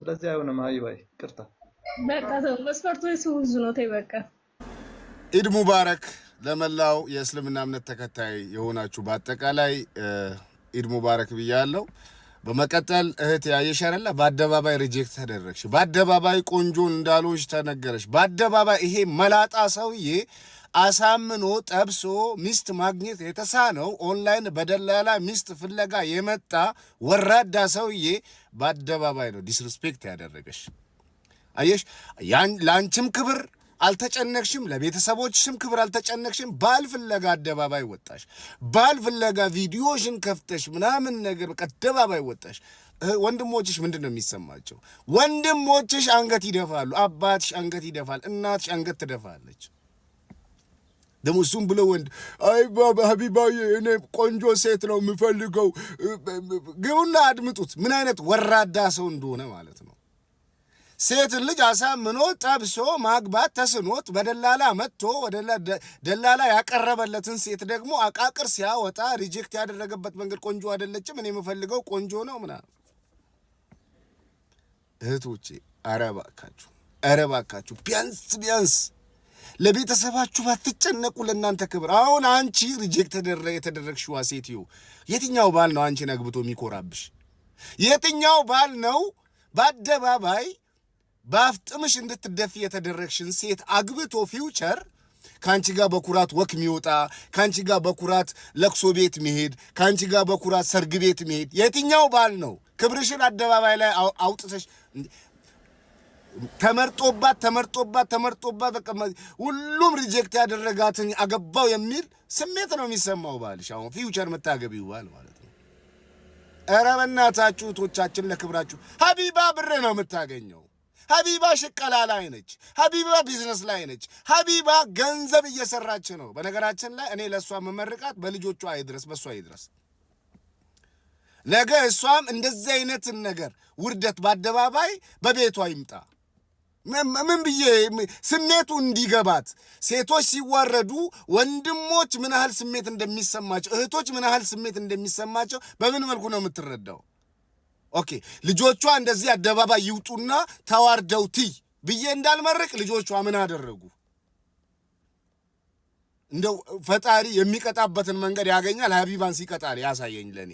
ስለዚህ አይሆንም። አይ ባይ ቅርታ በቃ ተው፣ መስፈርቱ ብዙ ነው። ተይ በቃ። ኢድ ሙባረክ ለመላው የእስልምና እምነት ተከታይ የሆናችሁ በአጠቃላይ ኢድ ሙባረክ ብያለሁ። በመቀጠል እህት ያየሸረላ በአደባባይ ሪጀክት ተደረግሽ፣ በአደባባይ ቆንጆ እንዳልሆንሽ ተነገረሽ፣ በአደባባይ ይሄ መላጣ ሰውዬ አሳምኖ ጠብሶ ሚስት ማግኘት የተሳነው ኦንላይን በደላላ ሚስት ፍለጋ የመጣ ወራዳ ሰውዬ በአደባባይ ነው ዲስሪስፔክት ያደረገሽ። አየሽ፣ ለአንቺም ክብር አልተጨነቅሽም፣ ለቤተሰቦችሽም ክብር አልተጨነቅሽም። ባል ፍለጋ አደባባይ ወጣሽ። ባል ፍለጋ ቪዲዮሽን ከፍተሽ ምናምን ነገር አደባባይ ወጣሽ። ወንድሞችሽ ምንድን ነው የሚሰማቸው? ወንድሞችሽ አንገት ይደፋሉ። አባትሽ አንገት ይደፋል። እናትሽ አንገት ትደፋለች። ደግሞ እሱም ብሎ ወንድ አይ ባባ ሀቢባዬ እኔ ቆንጆ ሴት ነው የምፈልገው። ግቡና አድምጡት፣ ምን አይነት ወራዳ ሰው እንደሆነ ማለት ነው። ሴት ልጅ አሳምኖ ጠብሶ ማግባት ተስኖት በደላላ መጥቶ ወደ ደላላ ያቀረበለትን ሴት ደግሞ አቃቅር ሲያወጣ ሪጀክት ያደረገበት መንገድ ቆንጆ አይደለችም፣ እኔ የምፈልገው ቆንጆ ነው ምናምን። እህቶቼ ኧረ እባካችሁ ኧረ እባካችሁ ቢያንስ ቢያንስ ለቤተሰባችሁ ባትጨነቁ ለእናንተ ክብር። አሁን አንቺ ሪጀክት የተደረግሽዋ ሴትዮ የትኛው ባል ነው አንቺን አግብቶ የሚኮራብሽ? የትኛው ባል ነው በአደባባይ በአፍጥምሽ እንድትደፊ የተደረግሽን ሴት አግብቶ ፊውቸር ከአንቺ ጋር በኩራት ወክ የሚወጣ ከአንቺ ጋር በኩራት ለቅሶ ቤት መሄድ ከአንቺ ጋር በኩራት ሰርግ ቤት መሄድ የትኛው ባል ነው ክብርሽን አደባባይ ላይ አውጥተሽ ተመርጦባት ተመርጦባት ተመርጦባት በቃ ሁሉም ሪጀክት ያደረጋትን አገባው የሚል ስሜት ነው የሚሰማው ባልሽ። አሁን ፊውቸር መታገቢው ባል ማለት ነው። ኧረ በእናታችሁ እህቶቻችን ለክብራችሁ። ሀቢባ ብር ነው የምታገኘው። ሀቢባ ሽቀላ ላይ ነች። ሀቢባ ቢዝነስ ላይ ነች። ሀቢባ ገንዘብ እየሰራች ነው። በነገራችን ላይ እኔ ለእሷ መመርቃት በልጆቿ አይድረስ፣ በእሷ አይድረስ። ነገ እሷም እንደዚህ አይነትን ነገር ውርደት በአደባባይ በቤቷ ይምጣ። ምን ብዬ ስሜቱ እንዲገባት ሴቶች ሲዋረዱ ወንድሞች ምን ያህል ስሜት እንደሚሰማቸው፣ እህቶች ምን ያህል ስሜት እንደሚሰማቸው በምን መልኩ ነው የምትረዳው? ኦኬ ልጆቿ እንደዚህ አደባባይ ይውጡና ተዋርደው ትይ ብዬ እንዳልመርቅ ልጆቿ ምን አደረጉ? እንደው ፈጣሪ የሚቀጣበትን መንገድ ያገኛል። ሀቢባን ሲቀጣል ያሳየኝ ለእኔ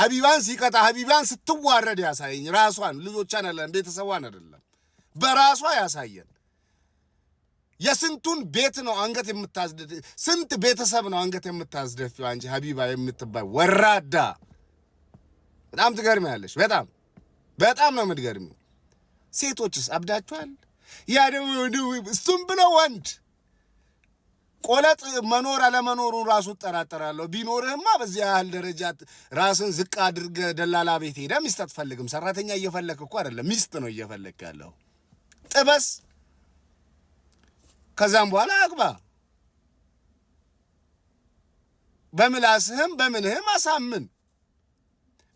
ሀቢባን ሲቀጣ ሀቢባን ስትዋረድ ያሳየኝ። ራሷን ልጆቿን አይደለም ቤተሰቧን አይደለም በራሷ ያሳየን። የስንቱን ቤት ነው አንገት የምታስደፍ ስንት ቤተሰብ ነው አንገት የምታስደፊው አንቺ ሀቢባ የምትባይ ወራዳ። በጣም ትገርሚያለሽ። በጣም በጣም ነው የምትገርሚው። ሴቶችስ አብዳችኋል። ያ ደግሞ እሱም ብለው ወንድ ቆለጥ መኖር አለመኖሩን ራሱ እጠራጠራለሁ። ቢኖርህማ በዚያ ያህል ደረጃ ራስን ዝቅ አድርገ ደላላ ቤት ሄደ ሚስት አትፈልግም። ሰራተኛ እየፈለግህ እኮ አይደለም፣ ሚስት ነው እየፈለግህ ያለው። ጥበስ፣ ከዛም በኋላ አግባ። በምላስህም በምንህም አሳምን።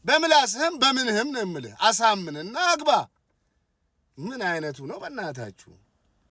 በምላስህም በምንህም ነው የምልህ። አሳምንና አግባ። ምን አይነቱ ነው በእናታችሁ?